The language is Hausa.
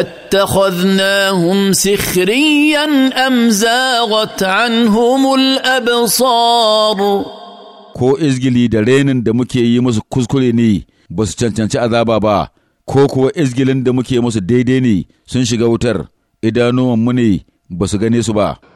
اتخذناهم سخريا ام زاغت عنهم الابصار ko izgili da renin da muke yi musu kuskure ne ba su cancanci azaba ba ko kuwa izgilin da muke musu daidai ne sun shiga wutar idanuwanmu ne ba su gane su ba